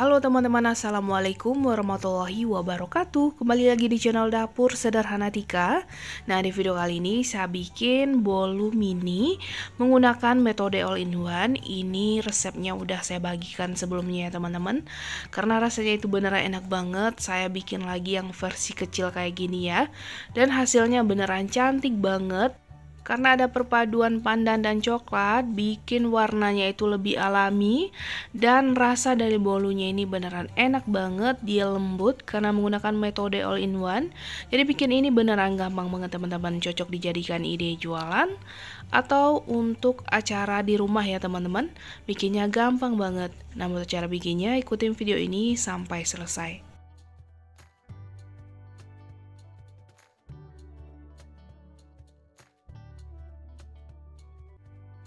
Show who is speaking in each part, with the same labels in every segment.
Speaker 1: Halo teman-teman, Assalamualaikum warahmatullahi wabarakatuh Kembali lagi di channel Dapur Sederhana Tika Nah, di video kali ini saya bikin bolu mini Menggunakan metode all-in-one Ini resepnya udah saya bagikan sebelumnya ya teman-teman Karena rasanya itu beneran enak banget Saya bikin lagi yang versi kecil kayak gini ya Dan hasilnya beneran cantik banget karena ada perpaduan pandan dan coklat, bikin warnanya itu lebih alami dan rasa dari bolunya ini beneran enak banget, dia lembut karena menggunakan metode all in one. Jadi bikin ini beneran gampang banget teman-teman, cocok dijadikan ide jualan atau untuk acara di rumah ya teman-teman. Bikinnya gampang banget. Namun cara bikinnya ikutin video ini sampai selesai.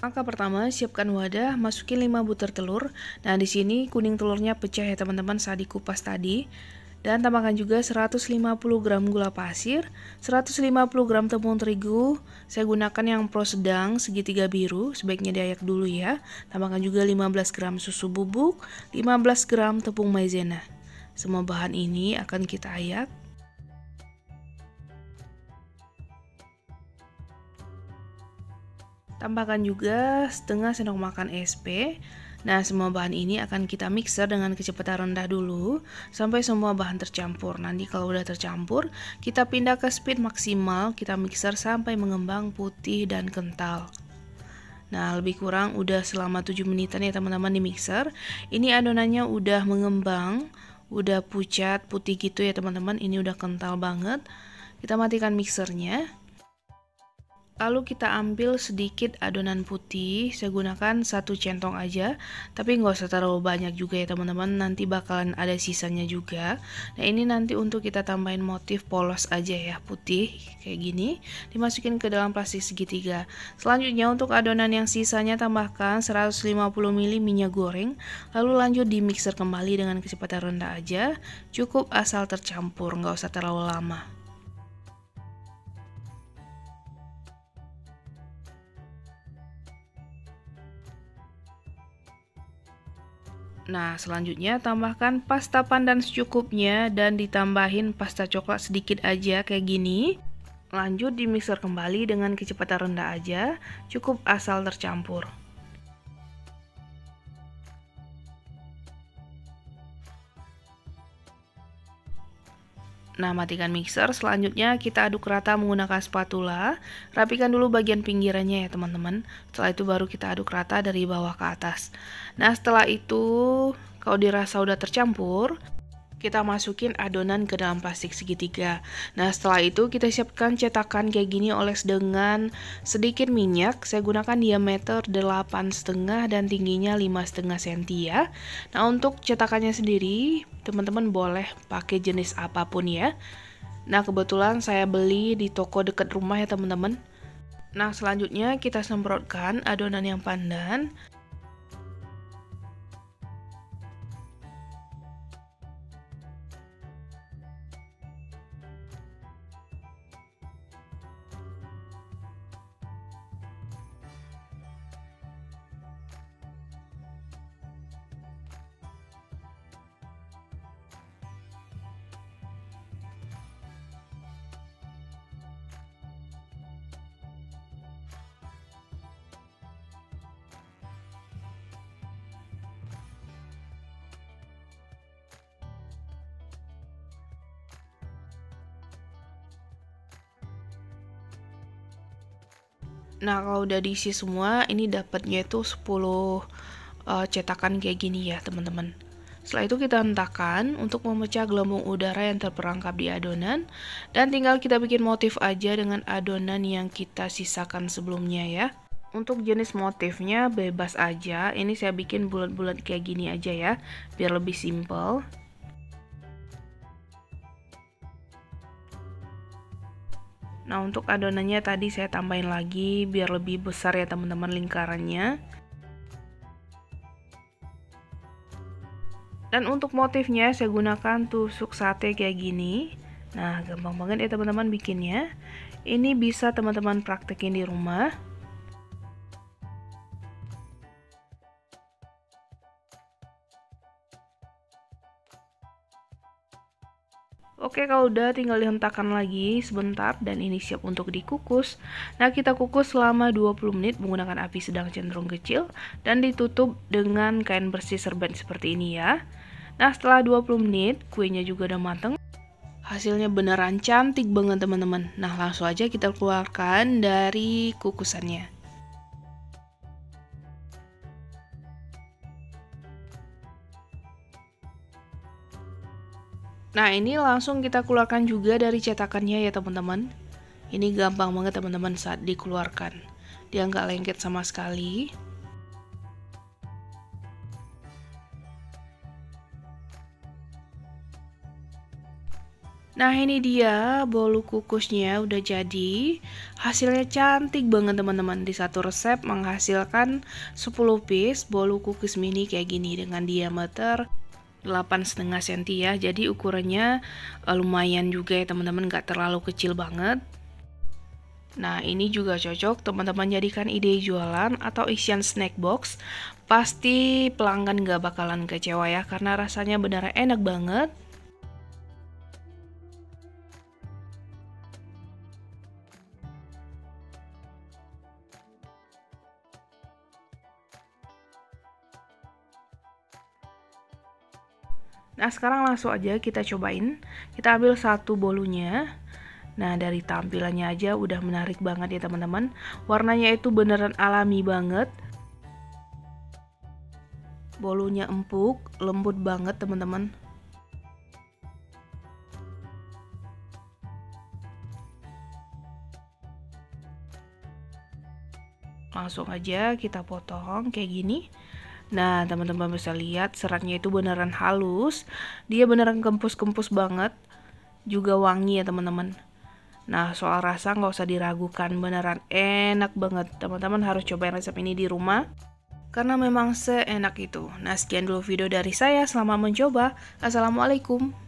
Speaker 1: Langkah pertama, siapkan wadah, masukin 5 butir telur. Nah, di sini kuning telurnya pecah ya teman-teman saat dikupas tadi. Dan tambahkan juga 150 gram gula pasir, 150 gram tepung terigu, saya gunakan yang pro sedang segitiga biru, sebaiknya diayak dulu ya. Tambahkan juga 15 gram susu bubuk, 15 gram tepung maizena. Semua bahan ini akan kita ayak Tambahkan juga setengah sendok makan SP. Nah, semua bahan ini akan kita mixer dengan kecepatan rendah dulu sampai semua bahan tercampur. Nanti kalau udah tercampur, kita pindah ke speed maksimal, kita mixer sampai mengembang putih dan kental. Nah, lebih kurang udah selama 7 menitan ya teman-teman di mixer. Ini adonannya udah mengembang, udah pucat, putih gitu ya teman-teman. Ini udah kental banget. Kita matikan mixernya. Lalu kita ambil sedikit adonan putih, saya gunakan satu centong aja, tapi nggak usah terlalu banyak juga ya teman-teman, nanti bakalan ada sisanya juga. Nah ini nanti untuk kita tambahin motif polos aja ya, putih kayak gini, dimasukin ke dalam plastik segitiga. Selanjutnya untuk adonan yang sisanya tambahkan 150 ml minyak goreng, lalu lanjut di mixer kembali dengan kecepatan rendah aja, cukup asal tercampur, nggak usah terlalu lama. Nah, selanjutnya tambahkan pasta pandan secukupnya dan ditambahin pasta coklat sedikit aja kayak gini. Lanjut dimixer kembali dengan kecepatan rendah aja, cukup asal tercampur. Nah, matikan mixer. Selanjutnya kita aduk rata menggunakan spatula. Rapikan dulu bagian pinggirannya ya, teman-teman. Setelah itu baru kita aduk rata dari bawah ke atas. Nah, setelah itu kalau dirasa udah tercampur, kita masukin adonan ke dalam plastik segitiga. Nah, setelah itu kita siapkan cetakan kayak gini oles dengan sedikit minyak. Saya gunakan diameter 8,5 dan tingginya 5,5 cm ya. Nah, untuk cetakannya sendiri, teman-teman boleh pakai jenis apapun ya. Nah, kebetulan saya beli di toko dekat rumah ya, teman-teman. Nah, selanjutnya kita semprotkan adonan yang pandan Nah, kalau udah diisi semua, ini dapatnya itu 10 uh, eh, cetakan kayak gini ya, teman-teman. Setelah itu kita hentakan untuk memecah gelembung udara yang terperangkap di adonan dan tinggal kita bikin motif aja dengan adonan yang kita sisakan sebelumnya ya. Untuk jenis motifnya bebas aja, ini saya bikin bulat-bulat kayak gini aja ya, biar lebih simple. Nah untuk adonannya tadi saya tambahin lagi biar lebih besar ya teman-teman lingkarannya. Dan untuk motifnya saya gunakan tusuk sate kayak gini. Nah gampang banget ya teman-teman bikinnya. Ini bisa teman-teman praktekin di rumah. Oke kalau udah tinggal dihentakkan lagi sebentar dan ini siap untuk dikukus Nah kita kukus selama 20 menit menggunakan api sedang cenderung kecil Dan ditutup dengan kain bersih serbet seperti ini ya Nah setelah 20 menit kuenya juga udah mateng Hasilnya beneran cantik banget teman-teman Nah langsung aja kita keluarkan dari kukusannya Nah ini langsung kita keluarkan juga dari cetakannya ya teman-teman. Ini gampang banget teman-teman saat dikeluarkan. Dia nggak lengket sama sekali. Nah ini dia bolu kukusnya udah jadi Hasilnya cantik banget teman-teman Di satu resep menghasilkan 10 piece bolu kukus mini kayak gini Dengan diameter 8 setengah senti ya jadi ukurannya eh, lumayan juga ya teman-teman nggak terlalu kecil banget Nah ini juga cocok teman-teman jadikan ide jualan atau isian snack box Pasti pelanggan gak bakalan kecewa ya karena rasanya benar enak banget Nah, sekarang langsung aja kita cobain. Kita ambil satu bolunya. Nah, dari tampilannya aja udah menarik banget ya, teman-teman. Warnanya itu beneran alami banget. Bolunya empuk, lembut banget, teman-teman. Langsung aja kita potong kayak gini. Nah, teman-teman bisa lihat seratnya itu beneran halus. Dia beneran kempus-kempus banget. Juga wangi ya, teman-teman. Nah, soal rasa nggak usah diragukan, beneran enak banget. Teman-teman harus cobain resep ini di rumah karena memang seenak itu. Nah, sekian dulu video dari saya. Selamat mencoba. Assalamualaikum.